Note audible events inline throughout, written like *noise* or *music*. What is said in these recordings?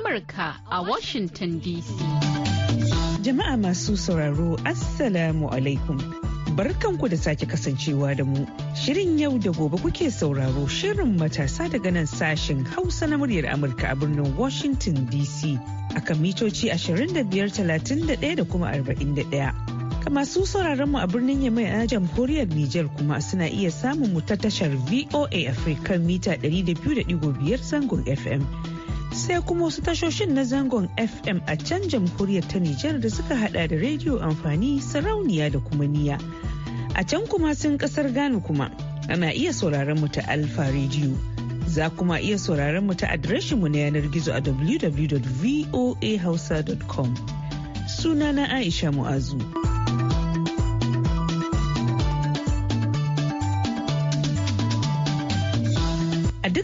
Amurka a Washington DC. Jama'a masu sauraro, Assalamu alaikum. Barkanku da sake kasancewa da mu. Shirin yau da gobe kuke sauraro shirin matasa daga nan sashen Hausa na muryar Amurka a birnin Washington DC kan mitoci 25,31 da kuma 41. masu sauraron mu a birnin Yamai a jamhuriyar Nijar kuma suna iya samun mu ta tashar VOA Afrika mita 200.5 zangon FM sai kuma wasu tashoshin na zangon FM a can jamhuriyar ta Nijar da suka hada da rediyo amfani sarauniya da kuma niya. A can kuma sun kasar Ghana kuma ana iya sauraron mu ta Alfa rediyo Za kuma iya sauraron mu ta adireshin mu na yanar gizo a www.voahausa.com. Sunana Aisha Mu'azu.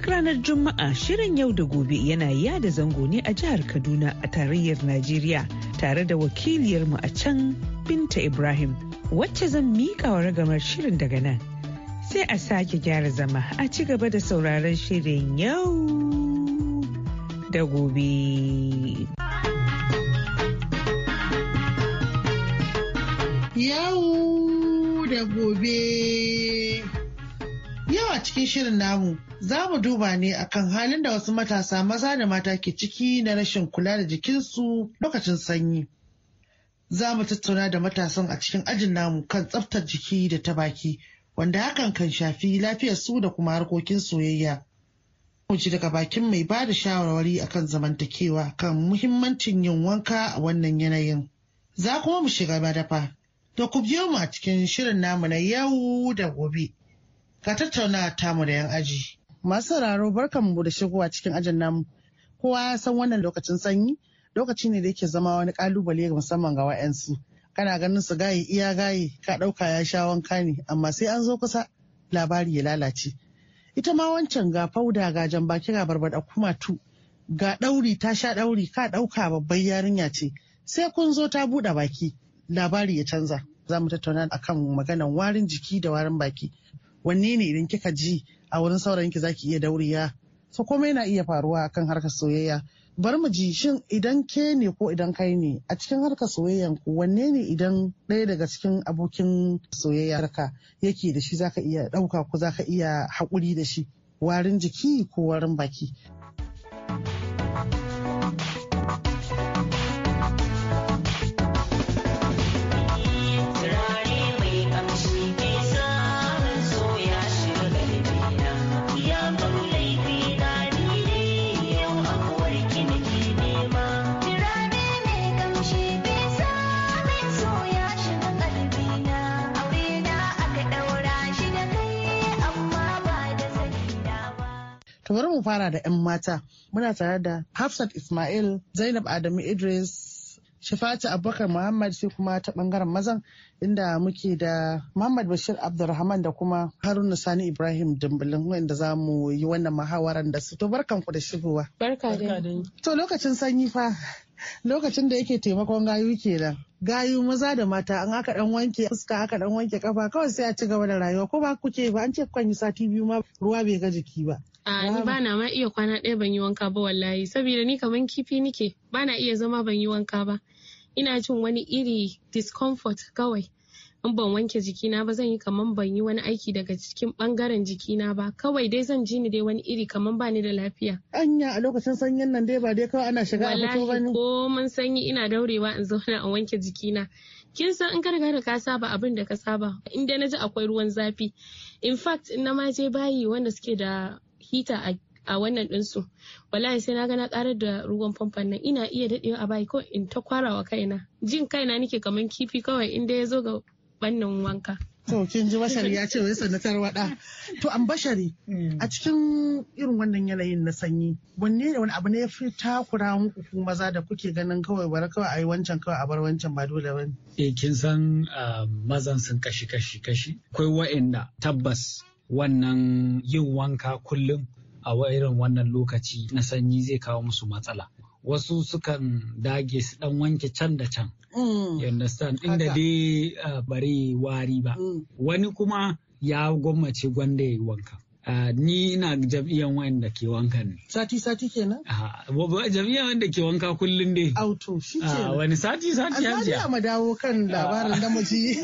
duk ranar Juma'a shirin yau da gobe yana yada zango ne a jihar Kaduna a tarayyar Najeriya tare da wakiliyarmu a can Binta Ibrahim wacce zan miƙa wa ragamar shirin daga nan. Sai a sake gyara zama a ci gaba da sauraron shirin yau da gobe. Yau da gobe. yau a cikin shirin namu za mu duba ne akan halin da wasu matasa maza da mata ke ciki na rashin kula da jikinsu lokacin sanyi. Za mu tattauna da matasan a cikin ajin namu kan tsaftar jiki da ta baki wanda hakan kan shafi lafiyar su da kuma harkokin soyayya. Mu ji daga bakin mai ba da shawarwari akan zamantakewa kan muhimmancin yin wanka a wannan yanayin. Za kuma mu shiga madafa. Da ku biyo mu a cikin shirin namu na yau da gobe. Ka tattauna tamu da 'yan aji. Masu sauraro barkanmu da shigowa cikin ajin namu. Kowa ya san wannan lokacin sanyi lokaci ne da yake zama wani kalubale ga musamman ga wa'yansu. Kana ganin su gayi iya gayi ka ɗauka ya sha wanka ne amma sai an zo kusa labari ya lalace. Ita ma wancan ga fauda ga baki ga barbada kuma tu ga ɗauri ta sha ɗauri ka ɗauka babban yarinya ce sai kun zo ta buɗe baki labari ya canza. Za mu tattauna akan maganan warin jiki da warin baki. wanne ne idan kika ji a wurin saurayinki zaki iya dauriya so komai na iya faruwa akan harkar soyayya bari mu ji shin idan ke ne ko idan kai ne a cikin harkar soyayyan ku wanne ne idan ɗaya daga cikin abokin soyayya ka yake da shi zaka iya ɗauka ko zaka iya haƙuri da shi warin jiki ko warin baki bari mu fara da 'yan mata muna tare da hafsat ismail zainab adamu idris shifati abubakar muhammad sai kuma ta bangaren mazan inda muke da muhammad bashir abdulrahman da kuma haruna sani ibrahim dumbilin wanda za mu yi wannan muhawaran da su to barkan ku da shigowa barka da to lokacin sanyi fa lokacin da yake taimakon gayu kenan gayu maza da mata an aka dan wanke fuska aka dan wanke kafa kawai sai a ci gaba da rayuwa ko ba kuke ba an ce kan yi sati biyu ma ruwa bai ga jiki ba A ni ba na ma iya kwana ɗaya ban yi wanka ba wallahi saboda ni kaman kifi nike ba na iya zama ban yi wanka ba. Ina jin wani iri discomfort kawai. In ban wanke jikina ba zan yi kaman ban yi wani aiki daga cikin bangaren jikina ba kawai dai zan ji ni dai wani iri kaman ba ni da lafiya. Anya a lokacin sanyin nan dai ba dai kawai ana shiga a fito bane. ko mun sanyi ina daurewa in zauna in wanke jikina. kin san in ka da ka saba abin da ka saba in dai na ji akwai ruwan zafi in fact in na ma je bayi wanda suke da hita a wannan ɗinsu wallahi sai na ga na karar da ruwan famfon nan ina iya daɗewa a bayi ko in ta kwara wa kaina jin kaina nake kaman kifi kawai inda ya zo ga bannin wanka to kin ji bashari ya ce wai sanatar wada to an bashari hmm. a cikin irin wannan yanayin na sanyi wanne da wani abu ne ya fi takura muku ku maza da kuke ganin kawai bara kawai ayi wancan kawai a bar wancan ba dole ba eh kin san ah, mazan sun kashi kashi kashi akwai wa'inda tabbas wannan yin wanka kullum a irin wannan lokaci na sanyi zai kawo musu matsala. Wasu sukan dage su dan wanke can da can. Mm. Yadda understand? Inda dai ah, bare wari ba. Mm. Wani kuma ya gwammace gwanda ya yi wanka. Uh, ni ina jam'iyyar wanda ke wanka ne. Sati sati kenan? Ah, uh, jam'iyyar wanda ke wanka kullum dai. Auto shi ah, kenan. Uh, wani sati sati ya jiya. mu dawo kan ah. labarin da muji.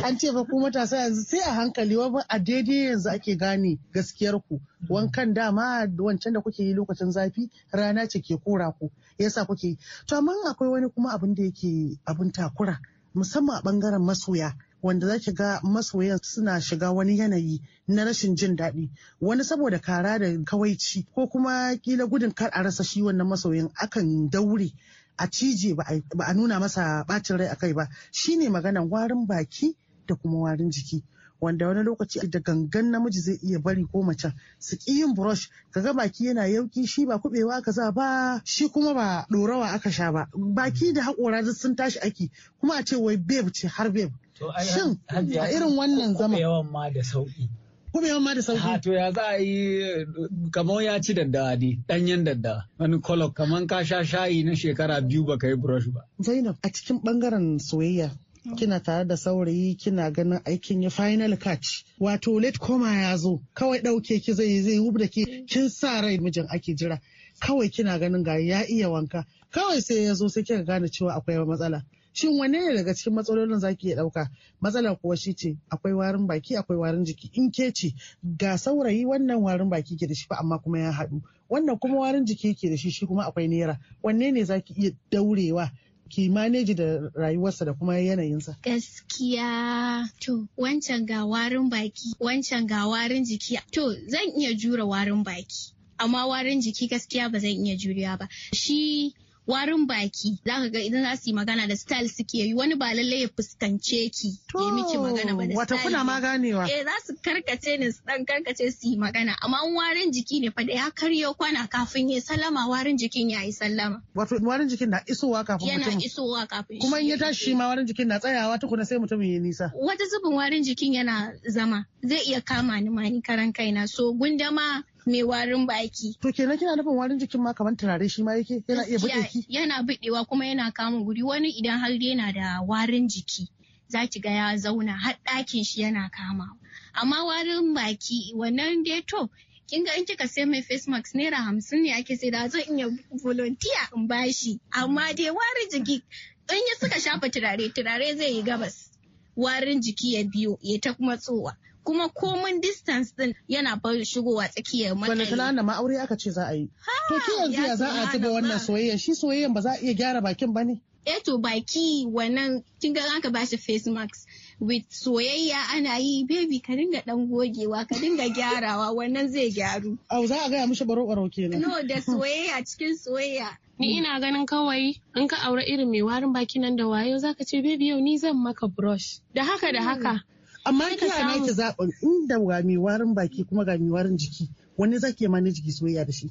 *laughs* An ce ba ku matasa yanzu sai a hankali wa a daidai yanzu ake gane gaskiyar ku. Wankan dama wancan da kuke yi lokacin zafi rana ce ke kora ku. Yasa kuke yi. To amma akwai wani kuma abin da yake abin takura musamman a bangaren masoya. wanda zaki ga masoyan suna shiga wani yanayi na rashin jin daɗi wani saboda kara da kawaici ko kuma kila gudun kar a rasa shi wannan masoyin akan daure a cije ba a nuna masa bacin rai akai ba shine maganan warin baki da kuma warin jiki wanda wani lokaci da gangan namiji zai iya bari ko macen su ki yin brush kaga baki yana yauki shi ba kubewa kaza za ba shi kuma ba dorawa aka sha ba baki da haƙora duk sun tashi aiki kuma a ce wai babe ce har babe Shin a irin wannan zama. Yawan ma da sauƙi. kuma yawan ma da sauƙi. Hato ya za a yi kamar ya ci daddawa ne ɗanyen daddawa wani kolok kamar ka sha shayi na shekara biyu ba ka yi brush ba. Zainab a cikin ɓangaren soyayya kina tare da saurayi kina ganin aikin ya final catch wato late koma ya zo kawai ɗauke ki zai zai da ke kin sa rai mijin ake jira kawai kina ganin ga ya iya wanka kawai sai ya zo sai kika gane cewa akwai matsala shin wanne ne daga cikin matsalolin za ki iya ɗauka matsalar kuwa shi ce akwai warin baki akwai warin jiki in ke ce ga saurayi wannan warin baki ke da shi fa amma kuma ya haɗu wannan kuma warin jiki ke da shi shi kuma akwai nera wanne ne za ki iya daurewa ki maneji da rayuwarsa da kuma yanayinsa. Gaskiya to wancan ga warin baki wancan ga warin jiki to zan iya jura warin baki amma warin jiki gaskiya ba zan iya juriya ba shi warin baki za ka ga idan za su yi magana da style suke yi wani ba lallai ya fuskance ki ke miki magana ba da style wata kuna ma ganewa eh za su karkace ne su dan karkace su yi magana amma warin jiki ne fa da ya karyo kwana kafin ya sallama warin jikin ya yi sallama wato warin jikin na isowa kafin mutum yana isowa kafin kuma in ya tashi ma warin jikin na tsayawa tukuna sai mutum ya nisa wata zubin warin jikin yana zama zai iya kama ni ma ni karan kaina so gundama mai warin baki. To kenan kina nufin warin jikin ma kamar turare shi ma yake yana iya buɗe ki? Yana buɗewa kuma yana kama guri wani idan har yana da warin jiki. Za ki ga ya zauna har ɗakin shi yana kama. Amma warin baki wannan dai to kin ga in kika sai mai face mask naira hamsin ne ake sai da zan iya volunteer in bashi amma dai warin jiki in ya suka shafa turare turare zai yi gabas warin jiki ya biyo ya ta kuma tsowa kuma komin distance din yana bar shigowa tsakiyar mutane. Wani tana da ma'aure aka ce za a yi. To ki yanzu ya za a ci da wannan soyayya shi soyayyan ba za a iya gyara bakin ba ne? Eh to baki wannan kin ga aka ba shi face mask. with soyayya ana yi baby ka dinga dan gogewa ka dinga gyarawa wannan zai gyaru. Au za a gaya mishi baro baro kenan. No da soyayya cikin soyayya. Ni ina ganin kawai in ka aure irin mai warin baki nan da wayo zaka ce baby yau ni zan maka brush. Da haka da haka amma kina naki zaɓin inda ga mai warin baki kuma ga mai warin jiki wani zake ma mani jiki soyayya da shi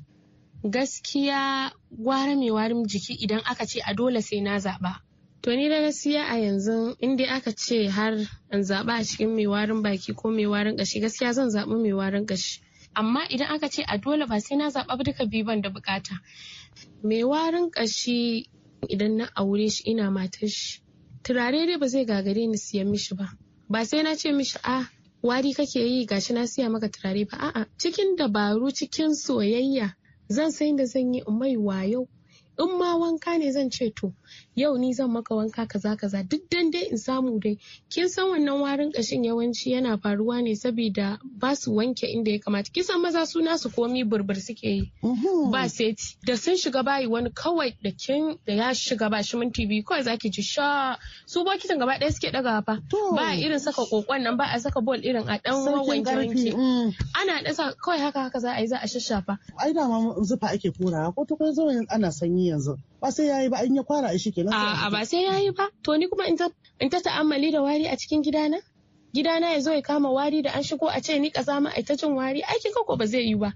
gaskiya gwara mai warin jiki idan aka ce a dole sai na zaɓa to ni da gaskiya a yanzu in dai aka ce har an zaɓa a cikin mai warin baki ko mai warin ƙashi gaskiya zan zaɓi mai warin ƙashi amma idan aka ce a dole ba sai na zaɓa duka biyu ban da bukata mai warin ƙashi idan na aure shi ina matar shi turare dai ba zai gagare ni siyan mishi ba ba sai na ce mishi a ah, wari kake yi gashi na siya maka turare ba a'a cikin dabaru cikin soyayya zan san da zan yi in mai wayo in ma wanka ne zan ce to yau ni zan maka wanka kaza kaza duk dan dai in samu dai kin san wannan warin kashin yawanci yana faruwa ne saboda ba su wanke inda ya kamata kin san maza su nasu komi burbur suke yi ba seti da sun shiga bayi wani kawai da kin da ya shiga ba shi minti biyu kawai zaki ji sha su kitan gaba ɗaya suke daga fa ba irin saka kokon nan ba a saka bol irin a dan wanke wanke mm. ana dasa kawai haka haka za a yi za a shashafa ai da ma zufa ake korawa ko to kai zo ana sanyi yanzu ba sai yayi ba in ya kwara shi kenan a ba sai yayi ba to ni kuma in ta ta'ammali da wari a cikin gidana gidana ya zo ya kama wari da an shigo a ce ni kazama ai ta jin wari ai kika ko ba zai yi ba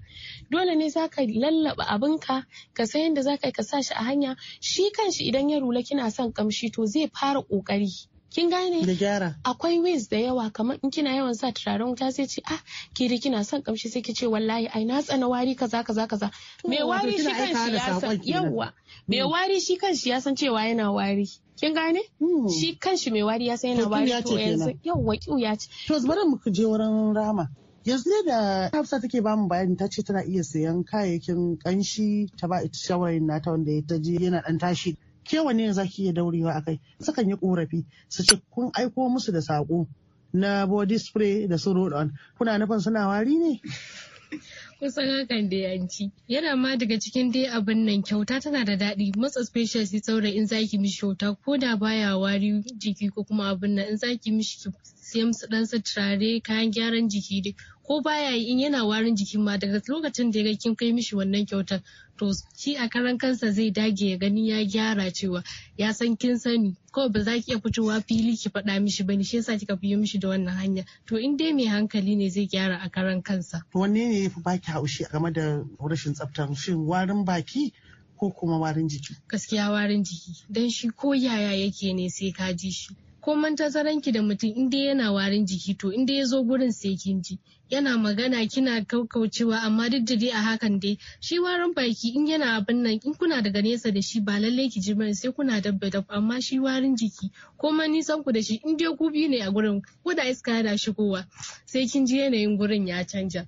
dole ne zaka lallaba abinka ka san yadda zaka ka sa shi a hanya shi kanshi idan ya rula kina son kamshi to zai fara kokari kin gane da gyara akwai ways da yawa kamar in kina yawan sa turaren wuta sai ce ah kiri kina son kamshi sai ki ce wallahi ai na tsana wari kaza kaza kaza me wari shi kanshi ya san yawa me mm. wari shi shi ya san cewa yana wari kin gane mm. shi kanshi mai wari ya san yana wari to yanzu yawa kiu ya ce to bari mu je wurin rama yanzu ne da hafsa take bamu bayani ta ce tana iya sayan kayayyakin kanshi ta ba ita shawarin nata wanda ya ta je yana dan tashi ke wanne za ki iya daurewa a kai sukan yi korafi su ce kun aiko musu da sako na body spray da su on kuna nufin suna wari ne kusan hakan da yanci yana ma daga cikin dai abin nan kyauta tana da daɗi most especially saurayi in zaki mishi kyauta ko da baya wari jiki ko kuma abin nan in zaki mishi siyan su dan turare kayan gyaran jiki ko baya yi in yana warin jikin ma daga lokacin da ya kin kai mishi wannan kyautar to shi a karan kansa zai dage ya gani ya gyara cewa ya san kin sani kawai ba za ki iya fitowa fili ki faɗa mishi ba ne, shi yasa kika biyo mishi da wannan hanya to in dai mai hankali ne zai gyara a karan kansa wanne ne yafi baki haushi game da rashin tsaftar shin warin baki ko kuma warin jiki gaskiya warin jiki dan shi ko yaya yake ne sai ka ji shi koman tazaran ki da mutum in yana warin jiki to in ya zo gurin sai kin ji yana magana kina kaukaucewa amma duk da dai a hakan dai shi warin baki in yana abin nan in kuna daga nesa da shi ba lallai ki ji mai sai kuna dabba da amma shi warin jiki kuma nisan ku da shi in dai ku biyu ne a gurin ko da iska yana shigowa sai kin ji yanayin gurin ya canja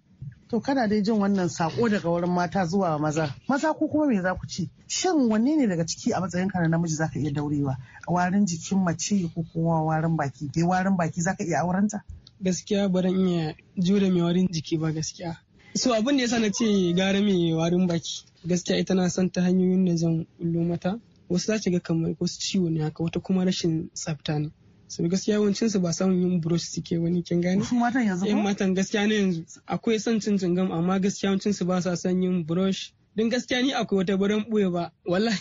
To kana dai jin wannan sako daga wurin mata zuwa maza. Maza ko kuma me za ku ci? Shin wanne ne daga ciki a matsayin ka na namiji zaka iya daurewa? Warin jikin mace ko kuma warin baki? Dai warin baki zaka iya aurenta? Gaskiya ba in iya jure mai warin jiki ba gaskiya. So abin da yasa na ce gara mai warin baki. Gaskiya ita na son ta hanyoyin da zan ullo mata. Wasu za ga kamar wasu ciwo ne haka wata kuma rashin tsafta ne. sau gaskiya yawancin su ba samun yin brush suke wani kin gane su matan yanzu yan matan gaskiya ne yanzu akwai son cin cingam amma gaskiya yawancin su ba sa son yin brush don gaskiya ni akwai wata baran buya ba wallahi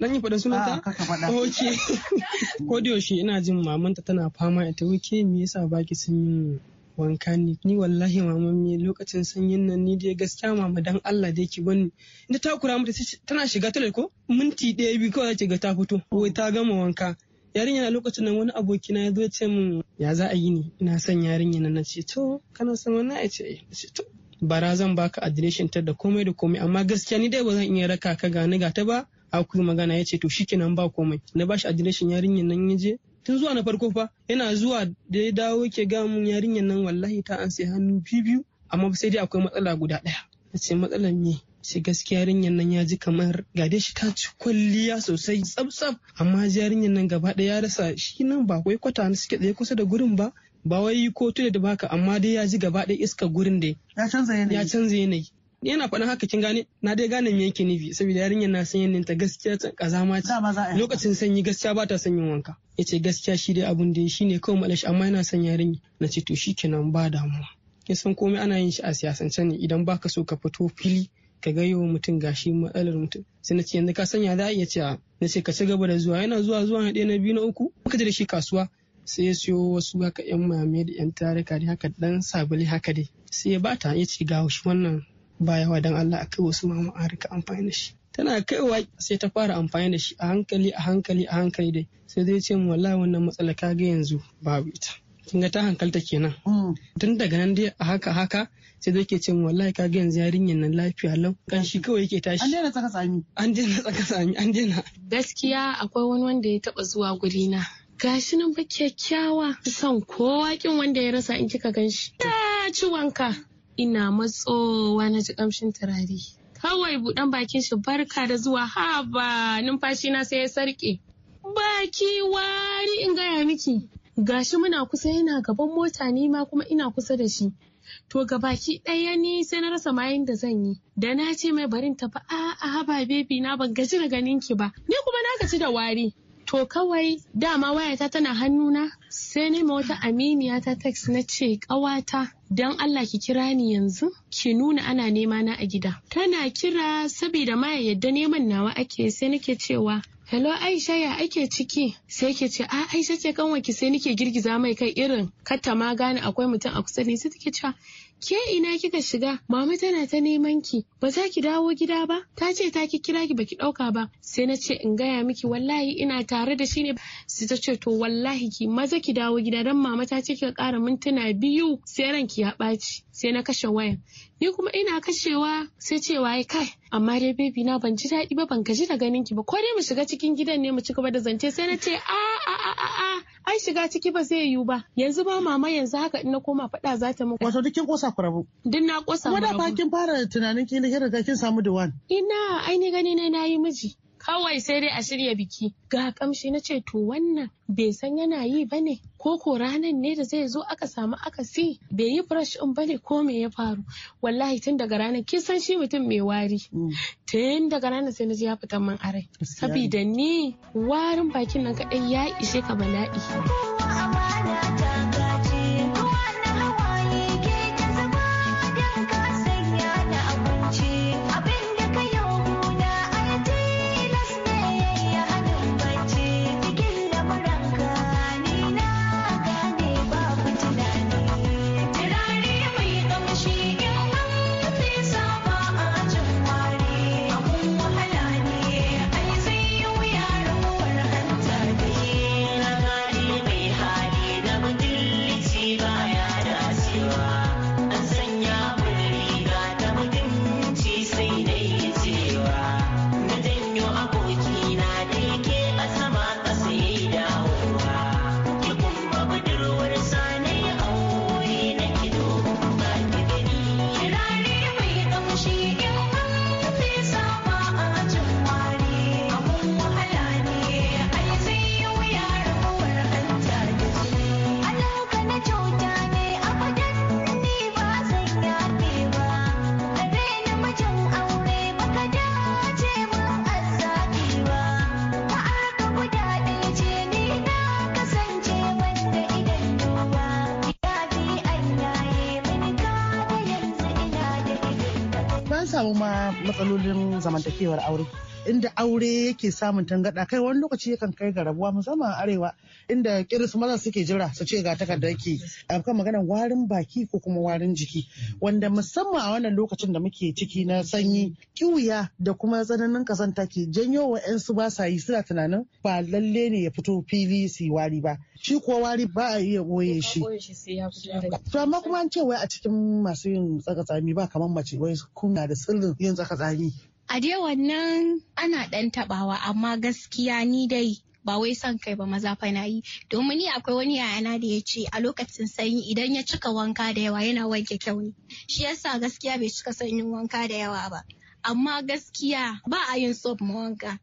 nan *laughs* yi faɗin sunanta ah, oke *laughs* ko da yaushe ina jin mamanta tana fama ita wuke me yasa baki sun yi wanka ne ni wallahi mama me lokacin sanyin nan ni dai gaskiya mama dan Allah dai ki gwani inda ta kura mata tana shiga toilet ko minti ɗaya biyu kawai ta ga ta fito wai ta gama wanka yarinya a lokacin nan wani abokina ya zo ya ce min ya za a yi ni ina son yarinya na ce to kana son wannan ya eh. ce to bara zan baka adireshin ta da komai da komai amma gaskiya ni dai ba zan iya raka ka gani ga ta ba akwai magana ya ce to shikenan ba komai na bashi adireshin yarinyar nan ya je tun zuwa na farko fa yana zuwa da ya dawo ke ga mun yarinyar nan wallahi ta an sai hannu biyu biyu amma sai dai akwai matsala guda ɗaya. na ce matsalar ne. sai gaskiya yarinyar nan ya ji kamar gade shi ta ci kwalliya sosai tsabtsab amma yarinyar nan gaba ɗaya ya rasa shi nan ba kwai kwata na suke tsaye kusa da gurin ba ba wai ko tuna da baka amma dai ya ji gaba ɗaya iska gurin dai ya canza yanayi ya canza yanayi yana faɗin haka kin gane na dai gane me yake nufi saboda yarinyar na san yanayin ta gaskiya ta kazama ce lokacin sanyi gaskiya ba ta sanyin yin wanka yace gaskiya shi dai abun da shi ne kawai malashi amma yana san yarinya na ce to shi kenan ba damuwa kin san komai ana yin shi a siyasance ne idan baka so ka fito fili ka ga wa mutum gashi matsalar mutum sai na ce yanzu ka sanya za a iya cewa na ce ka ci gaba da zuwa yana zuwa zuwa na ɗaya na biyu na uku muka da shi kasuwa sai ya siyo wasu haka yan mame da yan tarika dai haka dan sabili haka dai sai ya bata ya ce ga shi wannan bayawa dan Allah a kai wasu mama a rika amfani da shi tana kaiwa sai ta fara amfani da shi a hankali a hankali a hankali dai sai zai ce wallahi wannan matsala ka ga yanzu babu ita kin ga ta hankalta kenan mm. tun daga nan dai a haka haka sai zai ke ce mu wallahi ka ga yanzu yarinyar nan lafiya lau kanshi kawai yake tashi an daina tsaka sami an daina tsaka sami an daina gaskiya akwai wani wanda ya taba zuwa guri na gashi nan ba kyakkyawa san kowa kin wanda ya rasa in kika ganshi ta ci wanka ina matsowa na ji kamshin turare kawai budan bakin shi barka da zuwa haba numfashi na sai ya sarke baki wari in gaya miki gashi muna kusa yana gaban mota ni ma kuma ina kusa da shi to ga baki ɗaya ni sai na rasa mayin da zan yi da na ce mai barin tafi a a ba bebi na ban gaji da ganin ki ba ni kuma na gaji da wari to kawai dama wayata tana hannuna sai ni ma wata aminiya ta text na ce kawata? dan Allah ki kira ni yanzu ki nuna ana nema na a gida tana kira saboda ma yadda neman nawa ake sai nake cewa hello Aisha ya ake ciki sai ke ce a ah, Aisha ce kanwa ki sai nike girgiza mai kai irin katta ma gane akwai mutum a kusa ne sai take cewa ke ina kika shiga mama tana ta neman ki ba za ki dawo gida ba ta ce ta ki kira ki baki dauka ba sai na ce in gaya miki wallahi ina tare da shi ne sai ta ce to wallahi ki maza ki dawo gida dan mama ta ce kika kara mintuna biyu sai ranki ya ɓaci sai na kashe wayan ni kuma ina kashewa sai cewa ya kai amma dai baby na ban ji daɗi ba ban gaji da ganin ki ba ko dai mu shiga cikin gidan ne mu ci gaba da zance sai na ce a ah, a'a ai shiga ciki ba zai yiwu ba yanzu ba mama yanzu haka ina koma faɗa za ta muku. Wato duk kosa ku rabu. din na kosa mu rabu. Kuma da kin fara tunanin kin riga kin samu diwan. Ina ai ni gani na nayi miji. kawai sai dai a shirya biki ga kamshi na ce to wannan bai san yana yi ba ne ko ko ranan ne da zai zo aka samu akasi bai yi brush din ba ne ko me ya faru wallahi tun daga ranar kin san shi mutum mai wari mm. tun daga ranar sai na ji ya fita min arai saboda ni warin bakin nan kadai ya ishe ka bala'i. samu ma matsalolin zamantakewar aure inda aure yake samun tangada kai wani lokaci yakan kai ga rabuwa musamman arewa inda kiris maza suke jira su ce ga takardar ki kan magana warin baki ko kuma warin jiki wanda musamman a wannan lokacin da muke ciki na sanyi kiwuya da kuma tsananin kasanta ke janyo wa yan su ba sa yi suna tunanin ba lalle ne ya fito fili su wari ba shi kuwa wari ba a iya boye shi to amma kuma an ce wai a cikin masu yin tsaka tsami ba kamar mace wai kuna da sirrin yin tsaka tsami A dai wannan ana ɗan taɓawa amma gaskiya ni dai ba wai son kai ba maza fa na yi domin ni akwai wani yayana da ya ce a lokacin sanyi idan ya cika wanka da yawa yana wanke kyau ne shi yasa gaskiya bai cika son wanka da yawa ba amma gaskiya ba a yin soap ma wanka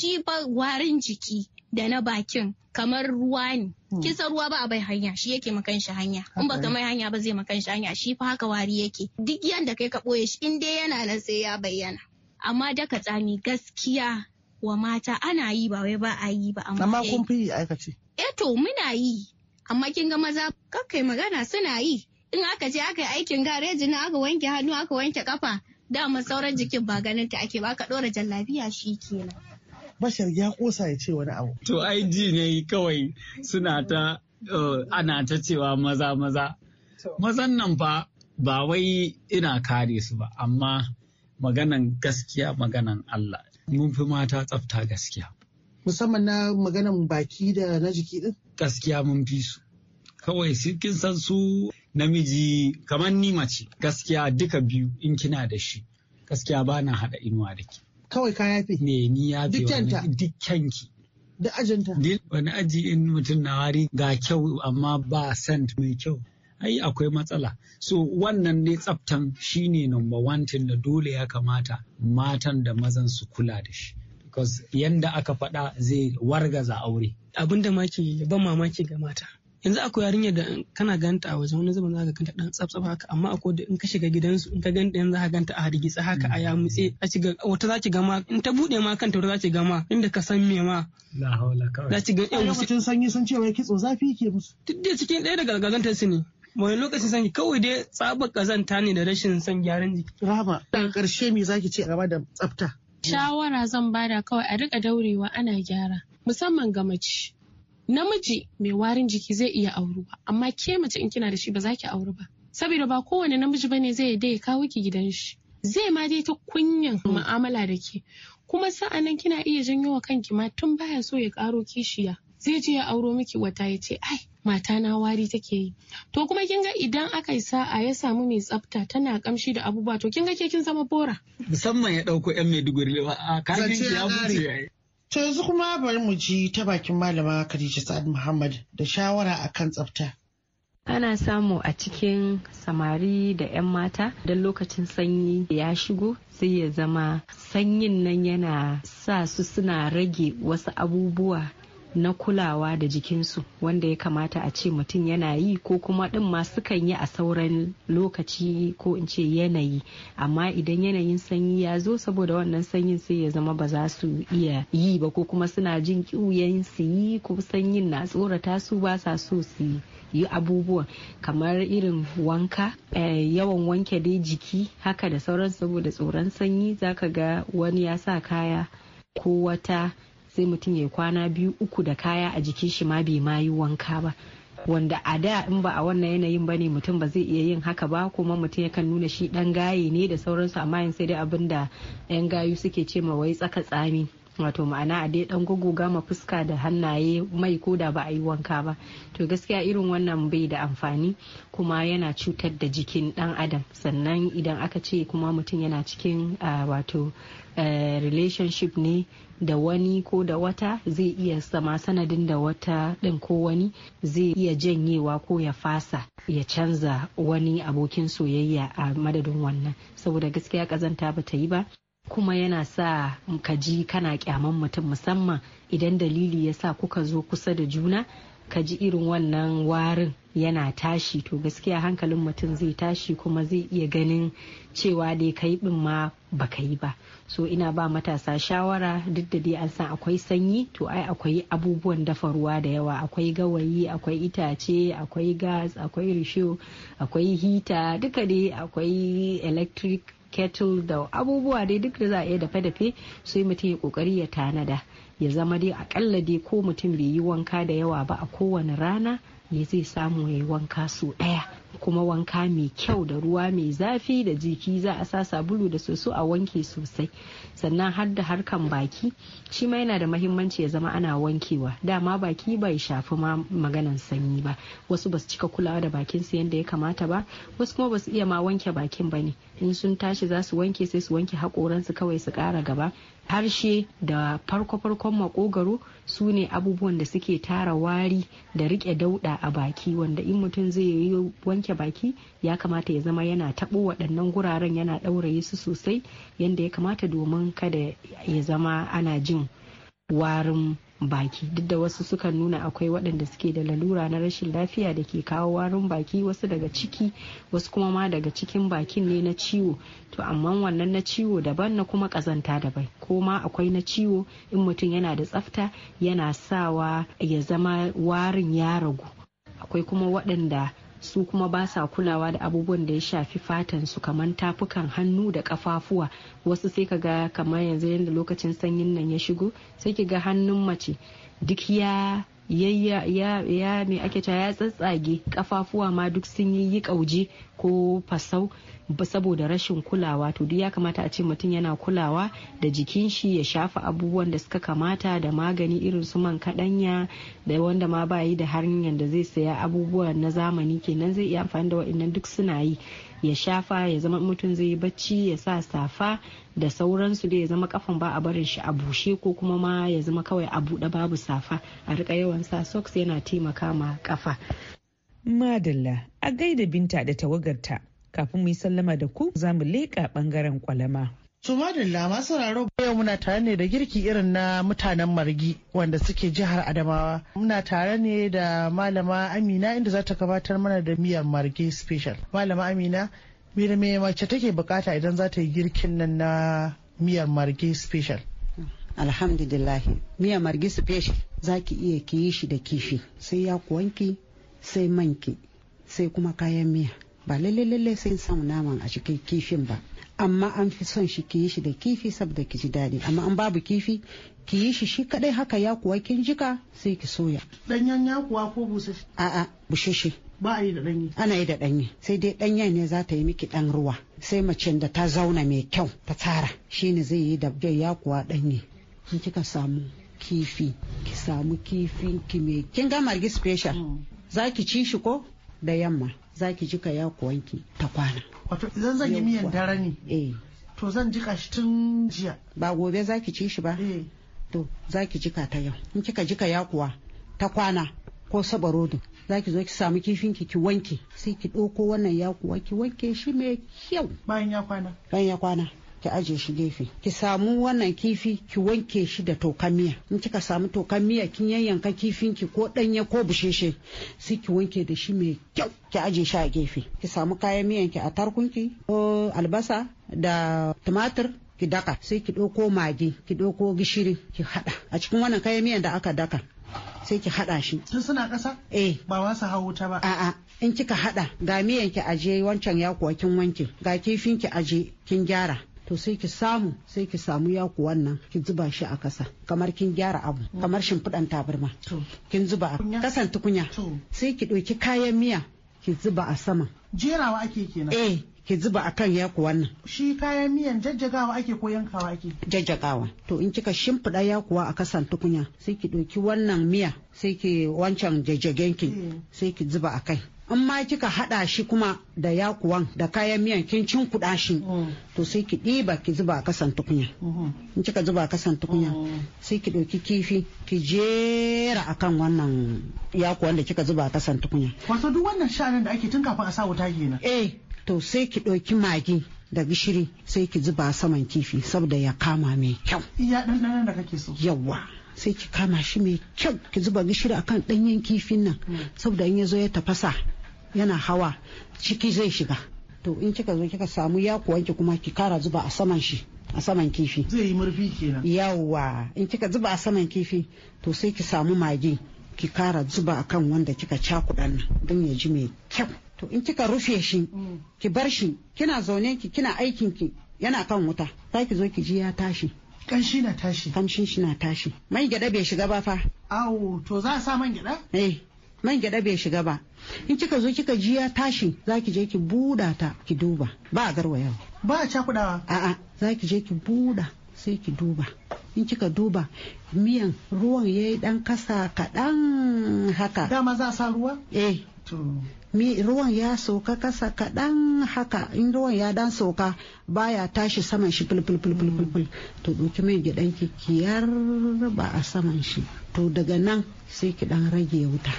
shi ba warin jiki da na bakin kamar ruwa ne Hmm. kin ruwa ba a bai hanya shi yake makan shi hanya in baka mai hanya ba zai makan shi hanya shi fa haka wari yake duk yanda kai ka boye shi in dai yana nan sai ya bayyana amma daka tsami gaskiya wa mata ana yi ba wai ba a yi ba amma kun fi yi aikace eh to muna yi amma kin ga maza kakkai magana suna yi in aka je aka yi aikin gareji na aka wanke hannu aka wanke kafa dama sauran jikin ba ganin ta ake ba ka dora jallabiya shi kenan bashar ya kosa ya ce wani abu. To ai ne kawai suna ta uh, ana ta cewa maza maza. Mazan nan fa ba wai ina kare su ba amma maganan gaskiya maganan Allah. Mun fi mata tsafta gaskiya. Musamman na maganan baki da na jiki din? Gaskiya mun fi su. Kawai sirkin san su namiji kamar ni mace gaskiya duka biyu in kina da shi. Gaskiya ba na haɗa inuwa da ke. kawai ka yafe ne ni yafe wani Dukkanki. da ajinta wani aji in mutum na wari ga kyau amma ba sant mai kyau ai akwai matsala so wannan ne tsaftan ne number one tin da dole ya kamata matan da mazan su kula da shi because yanda aka faɗa zai wargaza aure abin da maki ban mamaki ga mata yanzu akwai yarinya da kana ganta a waje wani zaman zaka ganta dan tsaftsaf haka amma akwai da in ka shiga gidansu in ka ganta yanzu ka ganta a hargitsi haka a yamutse a shiga wata zaki ga ma in ta bude ma kanta wata zaki ga ma inda ka san me ma la haula kawai zaki ga yan sanyi sun ce wai kitso zafi ke musu duk da cikin ɗaya daga gazantar su ne wani lokacin sanyi kawai dai tsabar kazanta ne da rashin son gyaran jiki rama dan karshe me zaki ce gaba da tsafta shawara zan bada kawai a riƙa daurewa ana gyara musamman ga mace namiji mai warin jiki zai iya ba amma ke mace in kina da shi ba za ki auru ba saboda ba kowane namiji bane zai yadda ya kawo ki gidan shi zai ma dai ta kunyan ma'amala da ke kuma sa'annan kina iya janyo wa kanki ma tun baya so ya karo kishiya zai je ya auro miki wata ya ce ai mata na wari take yi to kuma kin ga idan aka yi sa'a ya samu mai tsafta tana kamshi da abubuwa to kin ga ke kin zama bora musamman ya dauko yan Maiduguri ba. a kafin ya mutu To yanzu kuma bari mu ji ta bakin malama Khadija Sa'ad Muhammad da shawara a kan tsafta. Ana samu a cikin samari da 'yan mata don lokacin sanyi ya shigo sai ya zama sanyin nan yana sa su suna rage wasu abubuwa na kulawa da jikinsu wanda ya kamata a ce mutum yana yi ko kuma ɗin ma sukan yi a sauran lokaci ko in ce yanayi amma idan yanayin sanyi ya zo saboda wannan sanyin sai ya zama ba za su iya yi ba ko kuma suna jin kiwuyen su yi ko sanyin na tsorata su ba sa so su yi abubuwa kamar irin wanka eh, yawan wanke dai jiki haka da sauran saboda tsoron sanyi zaka ga wani ya sa kaya ko wata sai mutum ya kwana biyu uku da kaya a jikin shi ma bai ma wanka ba wanda a da in ba a wannan yanayin ba ne mutum ba zai iya yin haka ba kuma mutum yakan nuna shi dan gaye ne da sauransu amma yin sai dai abin da yan gayu suke ce ma wai tsaka tsami wato ma'ana a dai dan gugu gama fuska da hannaye mai ko da ba a yi wanka ba to gaskiya irin wannan bai da amfani kuma yana cutar da jikin dan adam sannan idan aka ce kuma mutum yana cikin ah, wato eh, relationship ne da wani ko da wata zai iya zama sanadin da wata ɗin ko wani zai iya janyewa ko ya fasa ya canza wani abokin soyayya a madadin wannan saboda gaskiya kazanta ba ta yi ba kuma yana sa ka ji kana kyaman mutum musamman idan dalili ya sa kuka zo kusa da juna ka ji irin wannan warin yana tashi to gaskiya hankalin mutum zai tashi kuma zai iya ganin cewa dai kai din ma baka yi ba so ina ba matasa shawara duk da dai an san akwai sanyi to ai akwai abubuwan dafa ruwa da yawa akwai gawayi akwai itace akwai gas akwai risho akwai hita duka dai akwai electric kettle da abubuwa dai duk da za a iya dafe-dafe sai mutum ya kokari ya tanada ya zama dai akalla dai ko mutum bai yi wanka da yawa ba a kowane rana ya zai samu ya yi wanka so ɗaya kuma wanka mai kyau da ruwa mai zafi da jiki za a sa sabulu da soso a wanke sosai sannan har da harkan baki shi ma yana da mahimmanci ya zama ana wankewa dama baki bai shafi ma maganan sanyi ba wasu basu cika kulawa da bakin su yadda ya kamata ba wasu kuma basu iya ma wanke bakin ba ne in sun tashi za su wanke sai su wanke hakoransu kawai su kara gaba harshe da farko-farkon makogaro su ne abubuwan da suke tara wari da rike dauɗa a baki wanda in mutum zai yi wanke baki ya kamata ya zama yana taɓo waɗannan guraren yana ɗauraye su sosai yadda ya kamata domin kada ya zama ana jin warin baki duk da wasu sukan nuna akwai waɗanda suke da lalura na rashin lafiya da ke kawo warin baki wasu daga ciki wasu kuma ma daga cikin bakin ne na ciwo to amma wannan na ciwo daban na kuma ƙazanta daban ko ma akwai na ciwo in mutum yana da tsafta yana sawa ya zama warin ya ragu akwai kuma waɗanda su kuma ba sa kulawa da abubuwan da ya shafi fatan su kamar tafukan hannu da kafafuwa wasu sai ka ga kamar yanzu yadda lokacin sanyin nan ya shigo sai ki ga hannun mace duk ya ya ya ake ta ya tsatsage kafafuwa ma duk sun yi kauje ko fasau saboda rashin kulawa to duk ya kamata a ce mutum yana kulawa da jikin shi ya shafa abubuwan da suka kamata da magani irin su man kaɗanya da wanda ma ba yi da hanyar da zai saya abubuwa na zamani kenan zai iya amfani da waɗannan duk suna yi ya shafa ya zama mutum zai yi bacci ya sa safa da sauransu da ya zama kafan ba a barin shi a bushe ko kuma ma ya zama kawai a buɗe babu safa a rika yawan sa socks yana taimaka ma kafa. Madalla a gaida binta da tawagarta kafin mu yi sallama da ku za mu leƙa ɓangaren kwalama. To madalla masu raro yau muna tare ne da girki irin na mutanen margi wanda suke jihar Adamawa. Muna tare ne da malama Amina inda za ta gabatar mana da miyar margi special. Malama Amina, miyar me mace take bukata idan za ta yi girkin nan na miyar margi special? Alhamdulillah, miyan margi special za ki iya ki shi da kishi sai ya kuwanki sai manki sai kuma kayan miya. Ba lalle lalle sai samu naman a cikin kishin ba. amma an fi son shi ki yi shi da kifi saboda ki ji daɗi amma an babu kifi ki yi shi shi kadai haka ya kuwa kin jika sai ki soya ɗanyen ya kuwa ko busasshe a'a bushashe ba a yi da ɗanye. ana yi da ɗanye sai dai ɗanyen ne za ta yi miki ɗan ruwa sai macen da ta zauna mai kyau ta tsara ne zai yi da ya kuwa ɗanye kin kika samu kifi ki samu kifin ki mai kin ga margi special mm. za ki ci shi ko da yamma za ki jika ya kuwanki ta kwana wato idan zan yi miyan dare ne eh to zan jika shi tun jiya ba gobe za ki ci shi ba eh to za ki jika ta yau in kika jika ya kuwa ta kwana ko sabarodin za ki zo ki samu kifin ki ki wanke sai ki ɗauko wannan ya kuwa ki wanke shi mai kyau bayan ya kwana bayan ya kwana ki aje shi gefe ki samu wannan kifi ki wanke shi da tokan miya in kika samu tokan miya kin yayyanka kifin ki ko danye ko busheshe sai ki wanke da shi mai kyau ki aje shi a gefe ki samu kayan miyan ki a tarkunki ko albasa da tumatir ki daka sai ki ɗauko magi ki ɗauko gishiri ki haɗa a cikin wannan kayan miyan da aka daka sai ki haɗa shi. Tun suna ƙasa? Eh. Ba wa su hawo ta ba. A'a in kika haɗa ga miyan ki aje wancan ya kuwa kin wanke ga kifin ki aje kin gyara to sai ki samu sai ki samu yaku wannan ki zuba shi a kasa kamar kin gyara abu kamar shimfiɗan tabarma kin zuba a kasan tukunya sai ki ɗauki kayan miya ki zuba a sama jerawa ake kenan eh ki zuba a ya yaku wannan shi kayan miyan jajjagawa ake ko yankawa ake jajjagawa to in kika shimfiɗa yakuwa a kasan tukunya sai ki ɗauki wannan miya sai ki wancan jajjagenki eh. sai ki zuba a kai in ma kika haɗa shi kuma da yakuwan da kayan miyan kin cin kuɗa shi to sai ki ɗiba ki zuba kasan tukunya in kika zuba kasan tukunya sai ki ɗauki kifi ki jera akan wannan yakuwan da kika zuba kasan tukunya wato duk wannan sha'anin da ake tun kafin a sa wuta kenan eh to sai ki ɗauki magi da gishiri sai ki zuba saman kifi saboda ya kama mai kyau iya ɗanɗanon da kake so yawwa sai ki kama shi mai kyau ki zuba gishiri akan ɗanyen kifin nan saboda in ya zo ya tafasa yana hawa ciki zai shiga to in kika zo kika samu ya kuwanki kuma ki kara zuba a saman shi a saman kifi zai yi murfi kenan yawa in kika zuba a saman kifi to sai ki samu magi ki kara zuba akan wanda kika cakuɗan nan don ya ji mai kyau to in kika rufe shi mm. ki bar shi kina zaune ki kina aikin ki yana kan wuta za ki zo ki ji ya tashi kanshi na tashi kanshin shi na tashi man gyada bai shiga ba fa awo to za a sa man gyada eh man gyada bai shiga ba in kika zo kika ji ya tashi za ki je ki buda ta ki duba ba a yau. ba a cakudawa a'a za ki je ki buɗa sai ki duba in kika duba miyan ruwan ya yi dan kasa kaɗan haka dama za a sa ruwa eh ruwan ya sauka kasa kaɗan haka in ruwan ya dan sauka baya tashi saman shi fulfulfulfulful ki a saman shi to daga nan sai ki ɗan rage wuta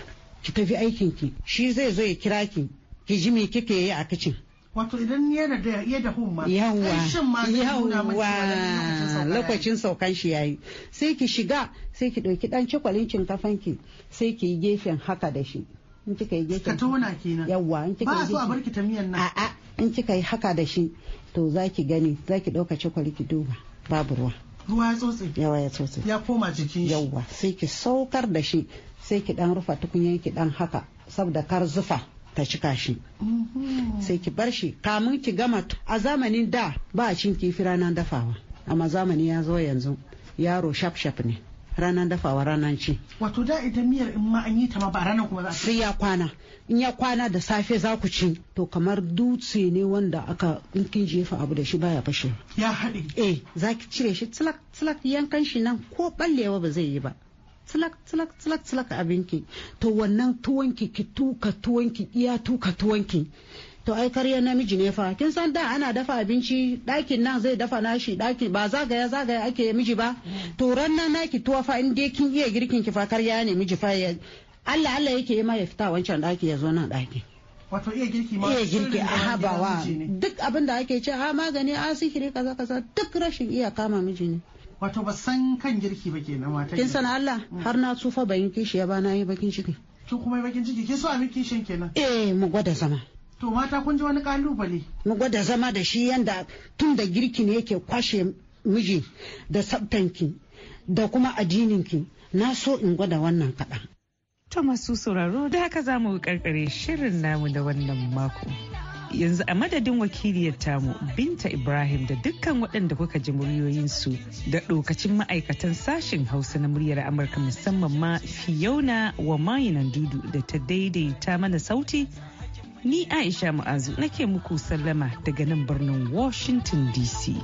ki tafi aikin ki shi zai zo ya kira ki ki ji me kike yi a kicin wato idan yana da ya da ma yawa lokacin saukan shi yayi sai ki shiga sai ki dauki dan cikwalin kafan ki sai ki yi gefen haka da shi in kika yi gefen ka tona kenan yawa in kika ba so a barki ta miyan nan a in kika yi haka da shi to zaki gani zaki dauka cikwali ki duba babu ruwa ruwa ya tsotse yawa ya tsotse ya koma jikin shi yawa sai ki saukar da shi sai ki dan rufa tukunyan ki dan haka saboda kar zufa ta cika shi mhm. sai ki bar shi kamun ki gama a zamanin da ba a cin kifi ranar dafawa amma zamani ya zo yanzu yaro shaf shaf ne ranar dafawa ranar ci wato da ita miyar in ma an yi ta ma ba ranar kuma za sai ya kwana in ya kwana da safe za ku ci to kamar dutse ne wanda aka in kin jefa abu da shi baya fashe ya haɗe eh za ki cire shi tsilak tsilak yankan shi nan ko ballewa ba zai yi ba tsilak tsilak tsilak tsilak abinki to wannan tuwonki ki tuka tuwonki iya tuka tuwonki to ai karya namiji ne fa kin san da ana dafa abinci Dakin nan zai dafa nashi daki ba zagaya zagaya ake miji ba to ran nan naki tuwa fa in dai kin iya girkin ki fa karya ne miji fa Allah Allah yake yi ma ya fita wancan daki ya zo nan daki Wato iya girki ma iya girki a habawa duk abin da ake ce a ah, magani a ah, sihiri kaza kaza duk rashin iya kama miji ne. wato ba san kan girki ba kenan mata kin san Allah mm. har na tsufa ba yin kishi ya ba na yi bakin ciki kin kuma yi bakin ciki kin so a miki kishin kenan eh mu gwada zama to mata kun ji wani kalubale mu gwada zama da shi yanda tun da girki ne yake kwashe miji da sabtanki da kuma addininki na so in gwada wannan kaɗan. ta masu sauraro da haka za mu karkare shirin namu da wannan mako yanzu a madadin wakiliyar tamu binta ibrahim da dukkan waɗanda kuka ji muryoyinsu da ɗokacin ma'aikatan sashen hausa na muryar amurka musamman ma Fiyona wa mayinan dudu da ta daidaita mana sauti ni aisha mu'azu nake muku sallama daga nan birnin washington dc